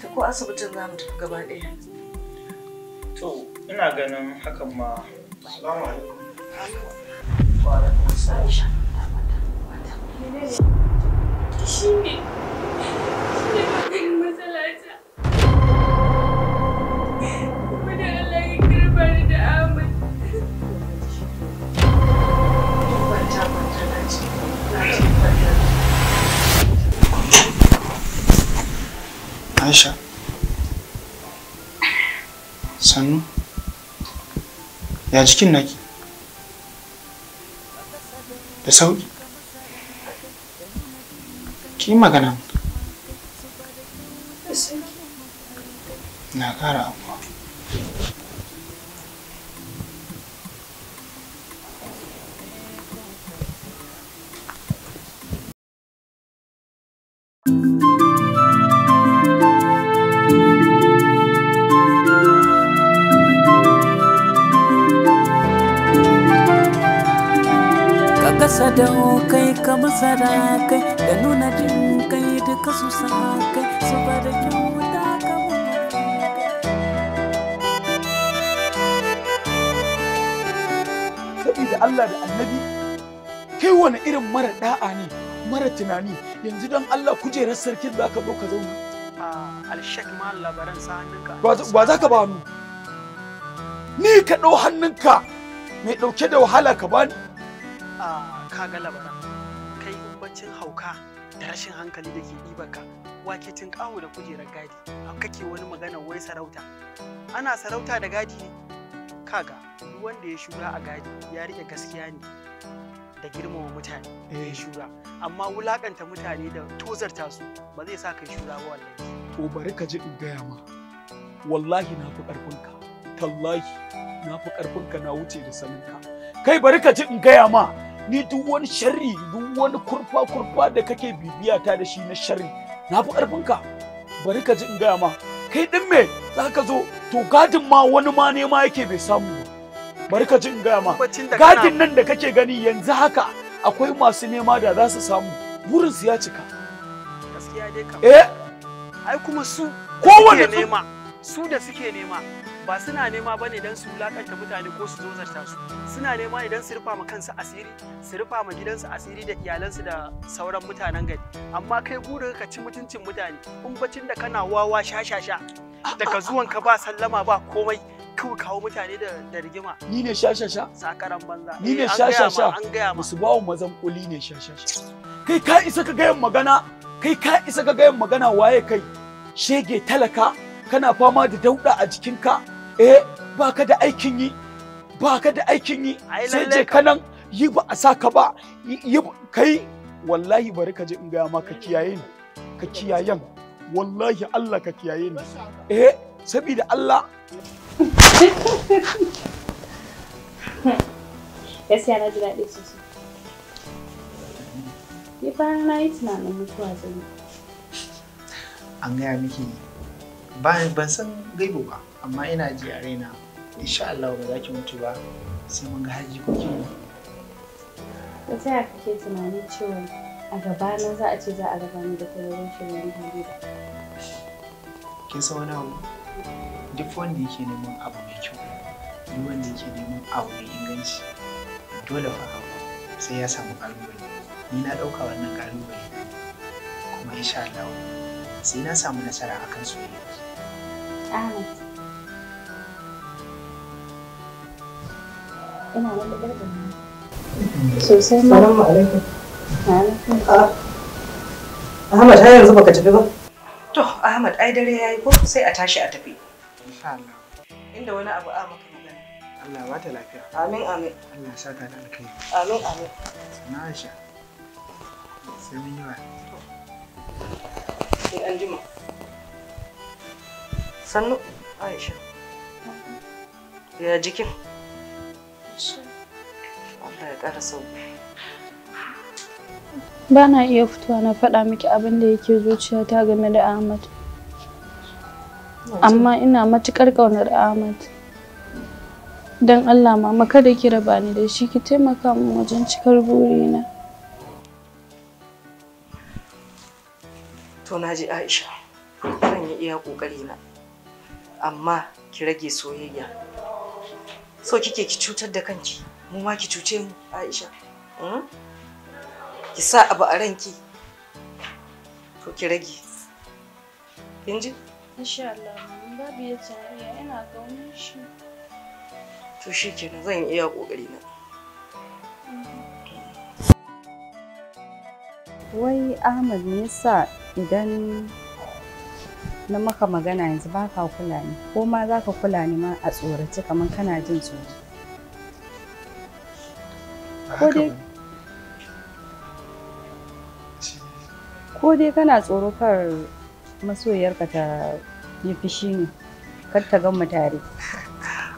ita ko asibitin za mu tafi gaba ɗaya to ina ganin hakan ma Assalamu alaikum wa alaikum assalam shi ne Aisha. Sanu. Ya jikin naki? Da sauki. Ki magana. Na kara abuwa. sarakai da nuna jin kai duka su sarakai su bada kyauta kamar Sabida Allah da annabi kai wani irin mara da'a ne mara tunani yanzu don Allah kujerar sarkin za ka zo ka zauna. Alshek ma labaran sa hannunka. Ba za ka ba hannu. Ni ka ɗau hannunka mai ɗauke da wahala ka bani. Ka ga labaran. yawancin hauka da rashin hankali da ke ɗibarka wake cin ƙawo da kujerar gadi A kake wani magana wai sarauta ana sarauta da gadi kaga duk wanda ya shura a gadi ya riƙe gaskiya ne da girmama mutane da ya eh. shura amma wulakanta mutane da tozarta su ba zai sa kai shura ba wallahi to bari ka ji in gaya ma wallahi na fi ƙarfinka tallahi na fi ƙarfinka na wuce da saninka kai bari ka ji in gaya ma ni duk wani sharri duk wani kurfa kurfa da kake bibiya ta da shi na sharri na fi karfin ka bari ka ji in gaya ma kai din me za ka zo to gadin ma wani ma ne ma yake bai samu bari ka ji in gaya ma gadin nan da kake gani yanzu haka akwai masu nema da za su samu burin su ya cika gaskiya dai kam eh ai kuma su kowane nema su da suke nema ba suna nema bane don su wulakanta mutane ko su zarta su suna nema idan su rufa ma kansu asiri su rufa ma gidansu asiri da iyalansu da sauran mutanen gari amma kai burin ka ci mutuncin mutane in bacin da kana wawa sha sha sha daga zuwan ka ba sallama ba komai kawo kawo mutane da rigima ni ne sha sha sha sakaran banza ni ne eh, sha sha sha an gaya ma su bawo mazan kuli ne sha sha sha kai ka isa ka gayan magana kai ka isa ka gayan magana waye kai shege talaka kana fama da dauda a jikinka eh baka da aikin yi baka da aikin yi sai je kanan yi ba a saka ba yi kai wallahi bari ka je in gaya maka ka kiyaye ni ka kiyayen wallahi Allah ka kiyaye ni eh saboda Allah gaskiya na ji daɗi sosai ni fa na yi tunanin mutuwa zai an gaya miki bayan ban san gaibo ba amma ina ji a raina insha Allah ba za ki mutu ba sai mun ga haji ko kin ba sai a kake tunanin cewa a gaba na za a ce za a gaba ni da kwararren shirin hali kin san wani abu duk wanda yake neman abu mai kyau duk wanda yake neman abu mai inganci dole fa abu sai ya samu kalubale ni na ɗauka wannan kalubale kuma insha Allah sai na samu nasara akan soyayya ina sosai ma Ahmad har yanzu baka tafi ba? To Ahmad ai dare yayi ko sai a tashi a tafi. Insha Allah. Inda wani abu a maka magana. Allah ba ta lafiya. Amin amin. Allah sa ta da alkai. Amin amin. Sai mun yi wa. Sai an jima. sannu aisha ya jikin iya fitowa na faɗa miki abin da yake ta game da Ahmad amma ina matukar ƙaunar Ahmad don Allah mama kada ki raba ni da shi ki taimaka min wajen cikar burina to na ji Aisha zan yi iya na amma ki rage soyayya so kike ki cutar da kanki mu ma ki cuce mu aisha hmm? ki sa abu a ranki to ki rage kin ji insha Allah babu ya tsariya ina kaunin shi to shi nan zan iya kokari na wai Ahmad me yasa idan na maka magana yanzu ba ka kula ni ko ma za ka kula ni ma a tsorace kamar kana jin tsoro ko dai kana tsoro kar masoyarka ta yi fishi ne kar ta gan mu tare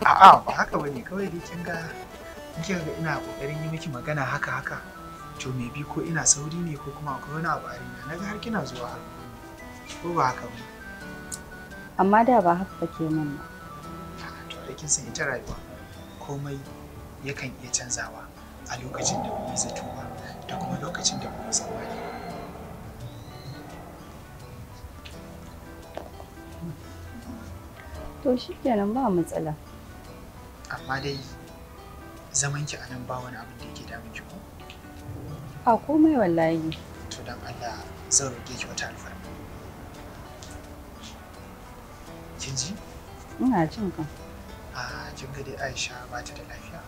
a'a ba haka bane kawai dai kin ga kin ga ina kokarin yi miki magana haka haka to me bi ko ina sauri ne ko kuma akwai wani abu a rina naga har kina zuwa ko ba haka bane amma da ba haka kake min ba to aikin san ita rayuwa komai yakan iya canzawa a lokacin da mu zato ba da kuma lokacin da mu tsammani to shikenan ba matsala amma dai zaman ki anan ba wani abin da yake damun ki ko a komai wallahi to dan Allah zan roke ki wata alfarma kin ji ina jin ka a kin ga dai Aisha ba ta da lafiya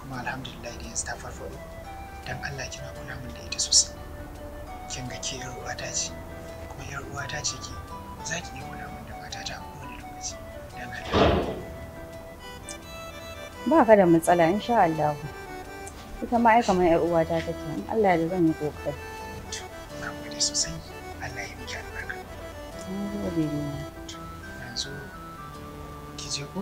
kuma alhamdulillah da yanzu ta farfado dan Allah kina kula min da ita sosai kin ga ke ruwa ta ce kuma yar uwa ta ce ki za ki iya kula min da matata kowane lokaci dan Allah ba ka da matsala insha Allah ita ma ai kamar yar uwa ta take in Allah da zan yi kokari Ka gode sosai Allah ya miki albarka na gode ne je ko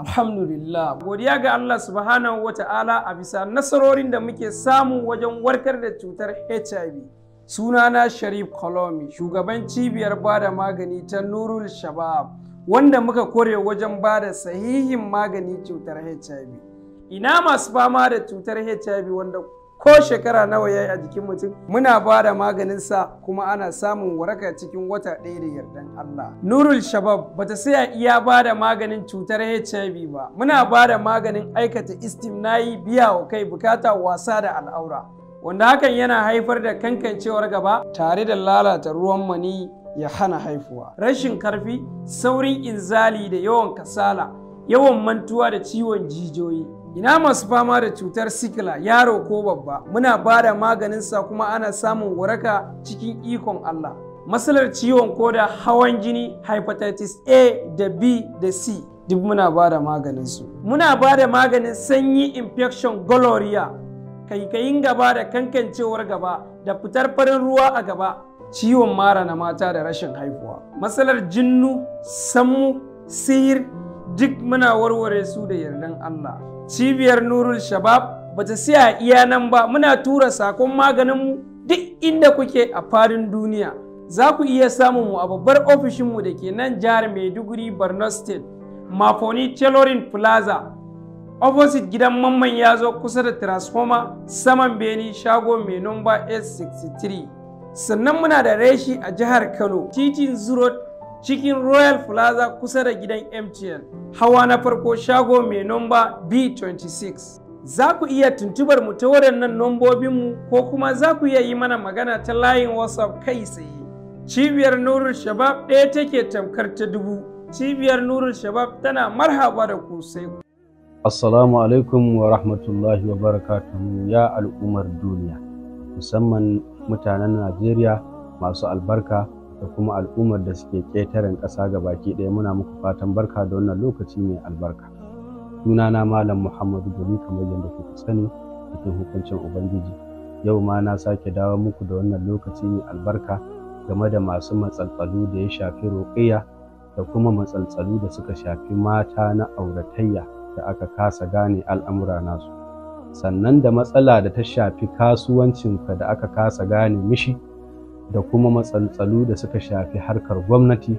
Alhamdulillah, godiya ga Allah subhanahu wa ta'ala a bisa nasarorin da muke samu wajen warkar da cutar HIV. Sunana Sharif Kolomi, shugaban cibiyar bada magani ta Nurul Shabab. wanda muka kore wajen ba da sahihin magani cutar HIV. Ina masu fama da cutar HIV wanda ko shekara nawa ya yi a jikin mutum muna ba da maganinsa kuma ana samun waraka cikin wata ɗaya da yardan Allah. Nurul Shabab bata saya iya ba da maganin cutar HIV ba, muna ba da maganin aikata istimnayi biya wa kai bukata wasa da al'aura. Wanda hakan yana haifar da kankancewar gaba tare da lalata ruwan mani ya hana haifuwa rashin karfi saurin inzali da yawan kasala yawan mantuwa da ciwon jijiyoyi ina masu fama da cutar sikila yaro ko babba muna ba da maganinsa kuma ana samun waraka cikin ikon Allah matsalar ciwon koda hawan jini hepatitis A da B da C duk muna ba da maganinsu muna ba da maganin sanyi infection gonorrhea kaikayin gaba da kankancewar gaba da fitar farin ruwa a gaba ciwon mara na mata da rashin haihuwa matsalar jinnu sammu sihir duk muna warware su da yardan Allah cibiyar nurul shabab bata siya iya nan ba muna tura sakon maganinmu duk inda kuke a fadin duniya za ku iya samun mu a babbar ofishinmu da ke nan jihar maiduguri borno state mafoni tailoring plaza opposite gidan mamman ya zo kusa da transformer saman beni shago mai nomba 63 sannan muna da reshi a jihar kano titin zuro cikin royal plaza kusa da gidan mtn hawa na farko shago mai nomba b26 za ku iya tuntubar mu ta waɗannan mu? ko kuma za ku iya yi mana magana ta layin whatsapp kai tsaye cibiyar nurul shabab ɗaya take tamkar ta dubu cibiyar nurul shabab tana marhaba da ku sai ku assalamu alaikum wa rahmatullahi wa barakatuhu ya al'ummar duniya musamman mutanen Najeriya masu albarka da kuma al'ummar da suke ƙetaren ƙasa ga baki ɗaya muna muku fatan barka da wannan lokaci mai albarka. Suna na Malam Muhammadu Guri kamar yadda kuka sani cikin hukuncin Ubangiji. Yau ma na sake dawo muku da wannan lokaci mai albarka game da masu matsaltsalu da ya shafi roƙiya da kuma matsaltsalu da suka shafi mata na auratayya da aka kasa gane al'amura nasu. sannan da matsala da ta shafi kasuwancinka da aka kasa gane mishi da kuma matsaltsalu da suka shafi harkar gwamnati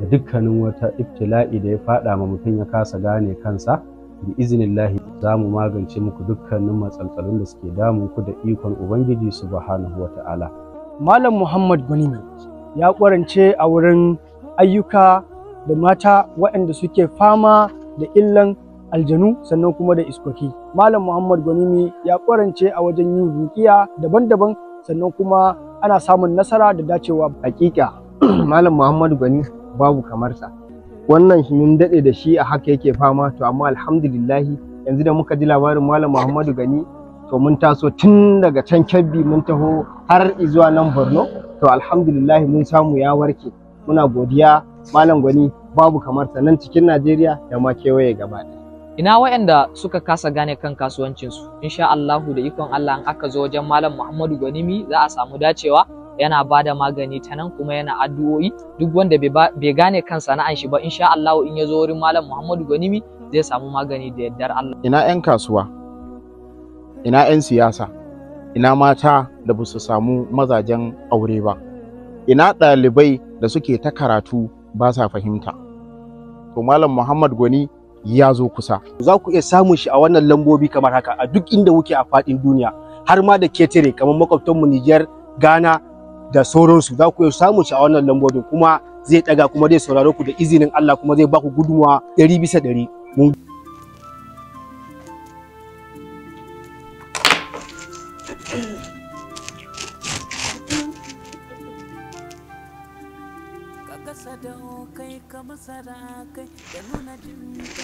da dukkanin wata ibtila'i da ya fada ma mutum ya kasa gane kansa bi iznillahi za mu magance muku dukkanin matsaltsalun da suke damun ku da ikon ubangiji subhanahu wa malam muhammad gunimi ya kwarance a wurin ayyuka da mata waɗanda suke fama da illan aljanu sannan kuma da iskoki malam muhammad gwanimi ya kwarance a wajen yin rukiya daban-daban sannan kuma ana samun nasara da dacewa hakika malam muhammad gwani babu kamar sa wannan mun daɗe da shi a haka yake fama to amma alhamdulillah yanzu da muka ji labarin malam muhammadu Gwani to mun taso tun daga can kebbi mun taho har zuwa nan borno to alhamdulillah mun samu ya warke muna godiya malam gwani babu kamar nan cikin najeriya da ma kewaye gaba ina wayanda suka kasa gane kan kasuwancinsu insha Allahu da ikon Allah in aka zo wajen malam Muhammadu Gwanimi za a samu dacewa yana bada magani ta nan kuma yana addu'o'i duk wanda bai gane kan sana'an shi ba insha allahu in ya zo wurin malam Muhammadu Gwanimi zai samu magani da yardar Allah ina yan kasuwa ina yan siyasa ina mata da ba samu mazajen aure ba ina ɗalibai da suke ta karatu ba sa fahimta to malam Muhammad Gwani ya zo kusa. Za ku iya samun shi a wannan lambobi kamar haka a duk inda kuke a faɗin duniya har ma da ketare kamar makwabtanmu Nijar, Ghana da sauransu za ku iya samun shi a wannan lambobin kuma zai ɗaga kuma zai saurare ku da izinin Allah kuma zai ba ku gudunmawa ɗari bisa ɗari. kai da nuna jin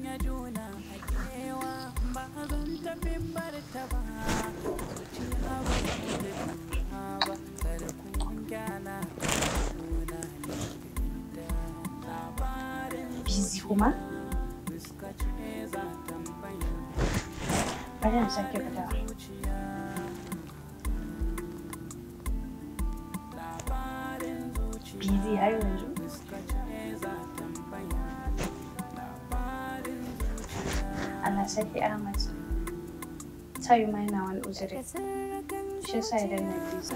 kuma bari na sake fita bizi har yanzu Allah sarki Ahmad ta yi mai na wani uzuri shi sa idan na biza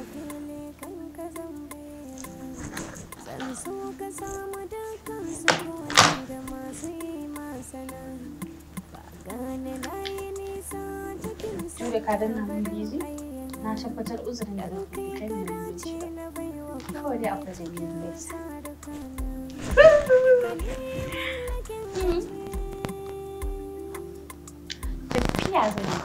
da ka danna mun bizi na tabbatar uzurin da zaka yi kai mun bizi kawai dai akwai zai hmm. tafiya zai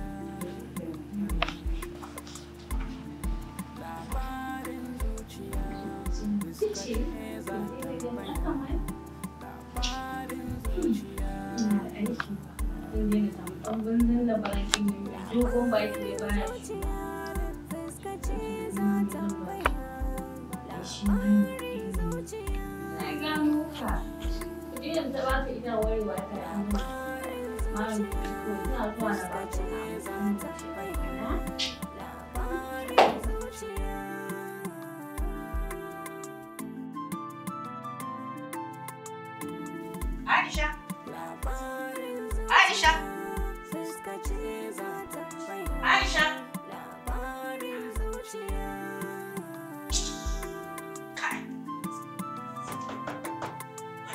ce ina ɗan ne ta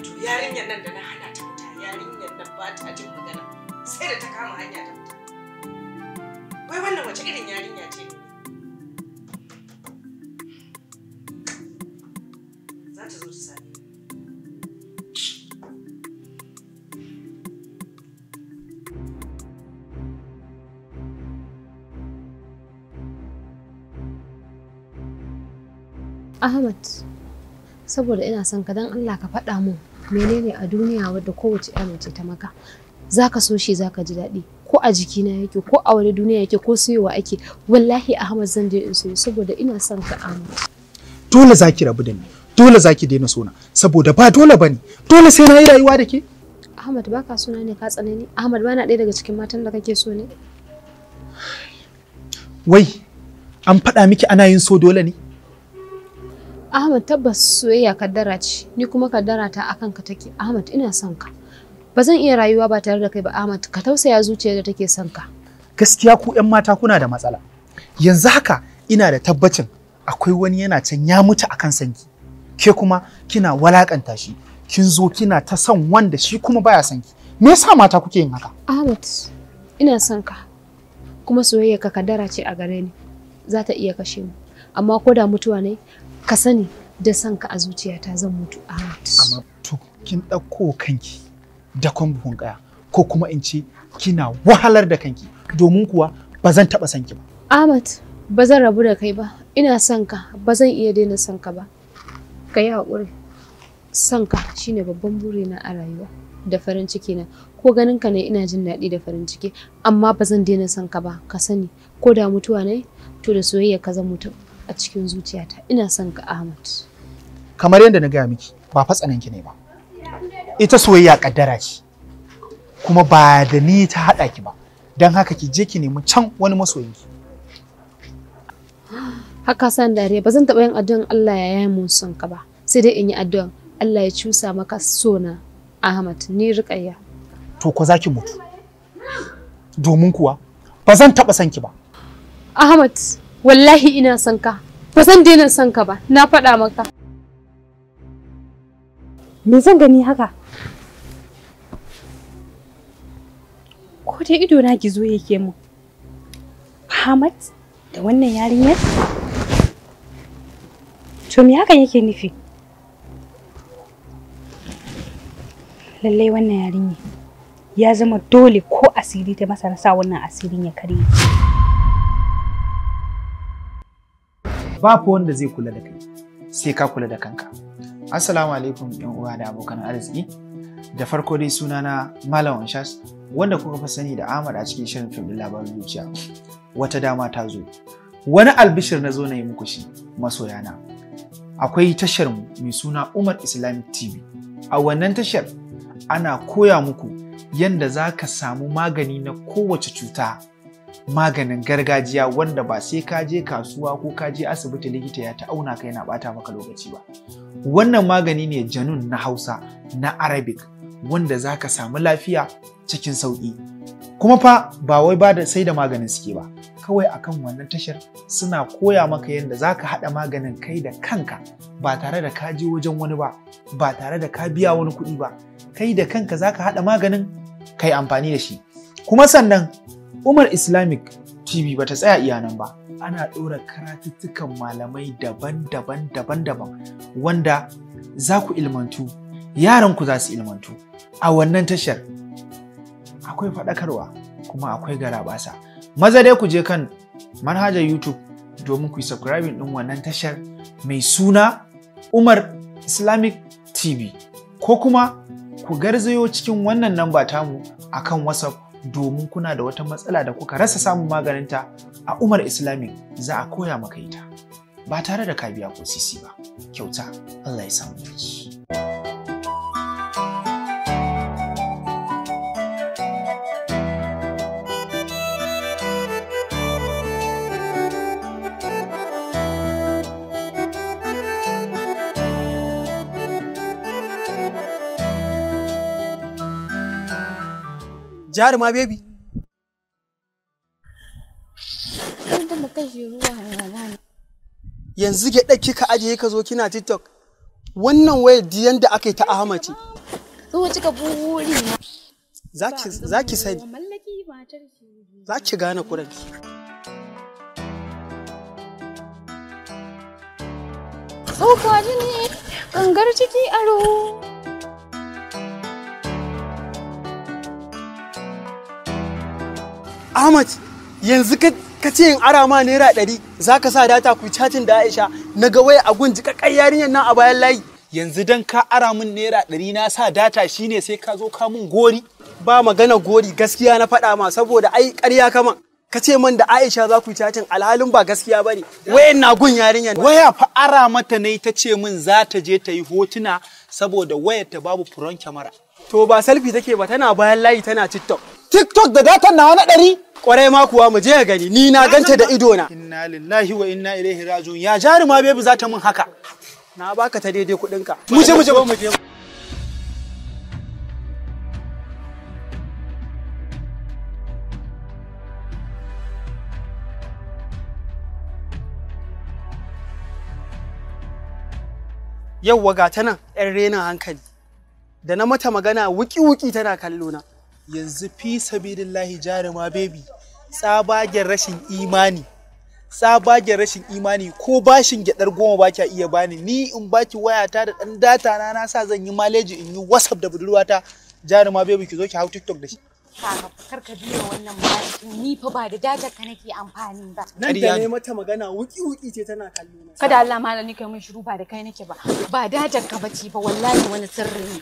to yarinyar nan da na hana ta fita yarinyar nan ba ta jin magana sai da ta kama hanya ta fita wai wannan wace irin yarinya ce ne za ta zo ta same Ahmad, saboda ina son ka don Allah ka faɗa mun menene a duniya wadda kowace ya mace ta maka zaka so shi zaka ji daɗi ko a jikina yake ko a wani duniya yake ko siyowa ake wallahi ahmad zan je in so saboda ina son ka amu. dole zaki rabu da ni dole zaki daina sona saboda ba dole bane dole sai na yi rayuwa da ke ahmad baka suna ne ka tsanani ahmad bana ɗaya daga cikin matan da kake so ne wai an faɗa miki ana yin so dole ne Ahmad tabbas soyayya kaddara ce, ni kuma kaddara ta akan ka take. Ahmad ina son ka. Ba zan iya rayuwa ba tare da kai ba Ahmad, ka tausaya zuciyar da take son ka. Gaskiya ku 'yan mata kuna da matsala. Yanzu haka ina da tabbacin akwai wani yana can ya mutu akan sanki. Ke kuma kina walakanta shi. Kin zo kina ta son wanda shi kuma baya sanki. Me yasa mata kuke yin haka? Ahmad, ina son ka. Kuma soyayya ka kaddara ce a gare ni. Za ta iya kashe mu. Amma ko da mutuwa ne, ka sani da sanka ka a zuciyata zan mutu a amma to kin ɗauko kanki dakon buhun kaya ko kuma in ce kina wahalar da kanki domin kuwa ba zan taɓa sanki ba Ahmad ba zan rabu da kai ba ina son ka ba zan iya daina son ka ba ka yi haƙuri son ka shine babban burina a rayuwa da farin ciki na ko ganin ka ne ina jin daɗi da farin ciki amma ba zan daina sanka ba ka sani ko da mutuwa ne to da soyayya ka zan mutu a cikin zuciyata ina son ka Ahmad. Kamar yadda na gaya miki ba ki ne ba. Ita soyayya kaddara ce kuma ba da ni ta haɗa ki ba don haka ki je ki nemi can wani masoyinki. Haka san dare ba zan taɓa yin addu'an Allah ya yi mun son ka ba sai dai in yi addu'an Allah ya cusa maka sona Ahmad ni riƙayya. To ko za mutu. Domin kuwa ba zan taɓa son ki ba. Ahmad wallahi ina son ka ba zan daina son ka ba na faɗa maka me zan gani haka ko dai ido na gizo yake mu Ahmad da wannan yarinyar to me hakan yake nufi lallai wannan yarinya ya zama dole ko asiri ta masa na sa wannan asirin ya kare ba fa wanda zai kula da kai sai ka kula da kanka assalamu alaikum yan uwa da abokan arziki da farko dai sunana malam anshas wanda kuka fa sani da ahmad a cikin shirin fim din labarin zuciya wata dama ta zo wani albishir na zo na yi muku shi masoya na. akwai tashar mu mai suna umar islamic tv a wannan tashar ana koya muku yadda za ka samu magani na kowace cuta maganin gargajiya wanda ba sai ka je kasuwa ko ka je asibiti likita ya ta'auna ka yana bata maka lokaci ba wannan magani ne janun na hausa na arabic wanda za ka samu lafiya cikin sauƙi kuma fa ba wai ba da sai da maganin suke ba kawai akan wannan tashar suna koya maka yadda za ka haɗa maganin kai da kanka ba tare da ka je wajen wani ba ba tare da ka biya wani kuɗi ba kai da kanka za ka haɗa maganin kai amfani da shi kuma sannan Umar Islamic TV bata tsaya iya nan ba. Ana ɗora karatuttukan malamai daban-daban daban-daban wanda za ku ilmantu, yaranku za su ilmantu. A wannan tashar akwai faɗakarwa kuma akwai garabasa. Maza dai ku je kan manhajar YouTube domin ku yi subscribing ɗin wannan tashar mai suna Umar Islamic TV ko kuma ku garzayo cikin wannan namba tamu akan WhatsApp domin kuna da wata matsala da kuka rasa samun maganinta a Umar islami za a koya maka ita ba tare da ka biya ko sisi ba kyauta Allah ya samu jaruma baby yanzu ke ɗauki ka ajiye ka zo kina tiktok wannan waya di yanda aka yi ta ahama ce zuwa cika buri za ki sani za ki gane kuranki ne jini gangar ciki aro. Ahmad yanzu ka ce in ara ma naira ɗari za ka sa data ku cacin da Aisha na ga waya a gun jikakkar yarinyar nan a bayan layi. Yanzu dan ka ara min naira ɗari na sa data shine sai ka zo ka mun gori. Ba magana gori gaskiya na faɗa ma saboda ai ƙarya kaman. ka ce man da Aisha za ku cacin alhalin ba gaskiya ba ne. wayan na gun yarinyar waya fa ara mata yi ta ce min za ta je ta yi hotuna saboda wayar ta babu furon kyamara to ba selfie take ba tana bayan layi tana TikTok tiktok da datan nawa na ɗari kwarai ma kuwa mu je ya gani ni na ganta da ido na inna lillahi wa inna ilaihi rajiun ya jaruma bebi za ta mun haka na baka ta daidai kuɗinka mu je mu je mu je yau ga ta nan 'yan renin hankali da na mata magana wuki-wuki tana kallo na. yanzu fi sabidillahi jarima bebi tsabagen rashin imani tsabagen rashin imani ko bashin gyadar goma ba kya iya bani ni in baki wayata da dan data na na sa zan yi maleji in yi whatsapp da budurwata jarima bebi ki zo ki hau tiktok da shi kar ka biya wannan ba ni fa ba da dajar ka nake amfani ba nan da ne mata magana wuki wuki ce tana kallo na kada Allah malami kai mun shiru ba da kai nake ba ba dajar ka bace ba wallahi wani sirri ne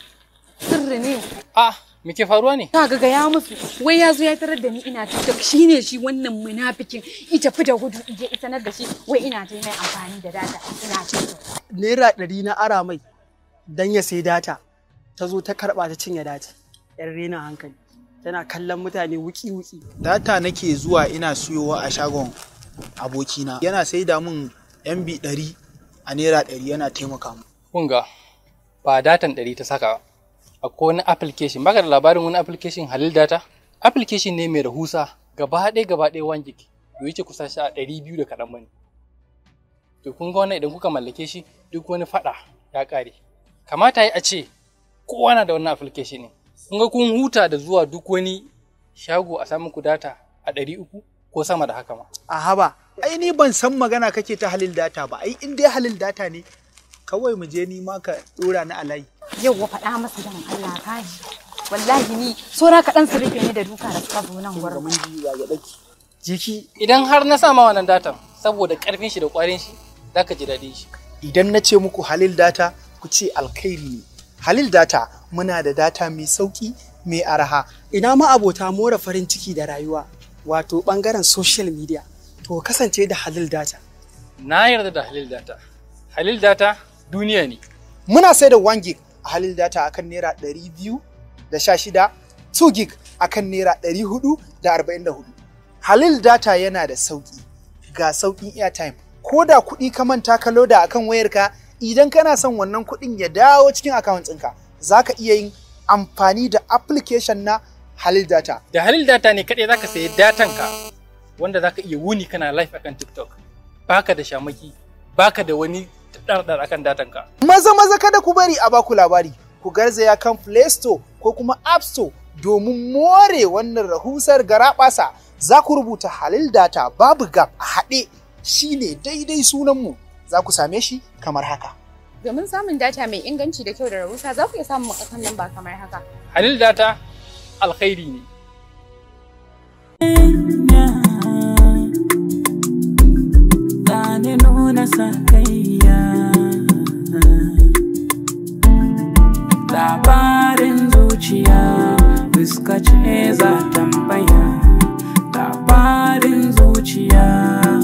sirri ne ah Miki faruwa ne? Ta ga ya musu wai ya zo ya tarar da ni ina Shi shine shi wannan munafikin i tafi da gudu je sanar da shi wai ina ta mai amfani da data ina ta Naira ɗari na ara mai dan ya sai data ta zo ta karba ta cinye data. Yan rena hankali. Tana kallon mutane wuki-wuki. Data nake zuwa ina siyowa a shagon abokina. Yana sai da mun MB ɗari a naira ɗari yana taimaka mu. Kunga ba datan ɗari ta saka ba. akwai wani application baka da labarin wani application halil data application ne mai rahusa gaba ɗaya gaba ɗaya wani gig yau yake kusa shi a ɗari biyu da kaɗan bane to kun ga wannan idan kuka mallake shi duk wani faɗa ya ƙare kamata yi a ce kowa na da wannan application ne kun ga kun huta da zuwa duk wani shago a samu ku data a ɗari uku ko sama da haka ma a haba ai ni ban san magana kake ta halil data ba ai in dai halil data ne kawai mu je ni ma ka dora ni alai yau wa faɗa masa dan Allah kai wallahi ni sora ka dan rufe ni da duka da suka zo nan gurin mun ji ya daki jiki idan har na sa ma wannan datan saboda karfin shi da kwarin shi zaka ji dadin shi idan na ce muku halil data ku ce alkhairi ne halil data muna da data mai sauki mai araha ina ma abota more farin ciki da rayuwa wato bangaren social media to kasance da halil data na yarda da halil data halil data duniya ne muna sai da 1 gig a halin data akan naira 216 2 gig akan naira 444 halil data yana da sauki ga saukin airtime ko da kuɗi ka manta ka loda a kan wayarka idan kana son wannan kuɗin ya dawo cikin account za ka iya yin amfani da application na halil data da halil data ne kaɗai za ka sayi datan ka wanda za ka iya wuni kana live akan tiktok baka da shamaki baka da wani ɗarɗar akan datan ka. Maza maza kada ku bari a baku labari, ku garzaya kan Play Store ko kuma App Store domin more wannan rahusar garaɓasa za ku rubuta halil data babu gab a haɗe shi ne daidai sunanmu za ku same shi kamar haka. Domin samun data mai inganci da kyau da rahusa za ku iya samun akan ba kamar haka. Halil data alkhairi ne. sakayya labarin zuciya fuskace za tambaya labarin zuciya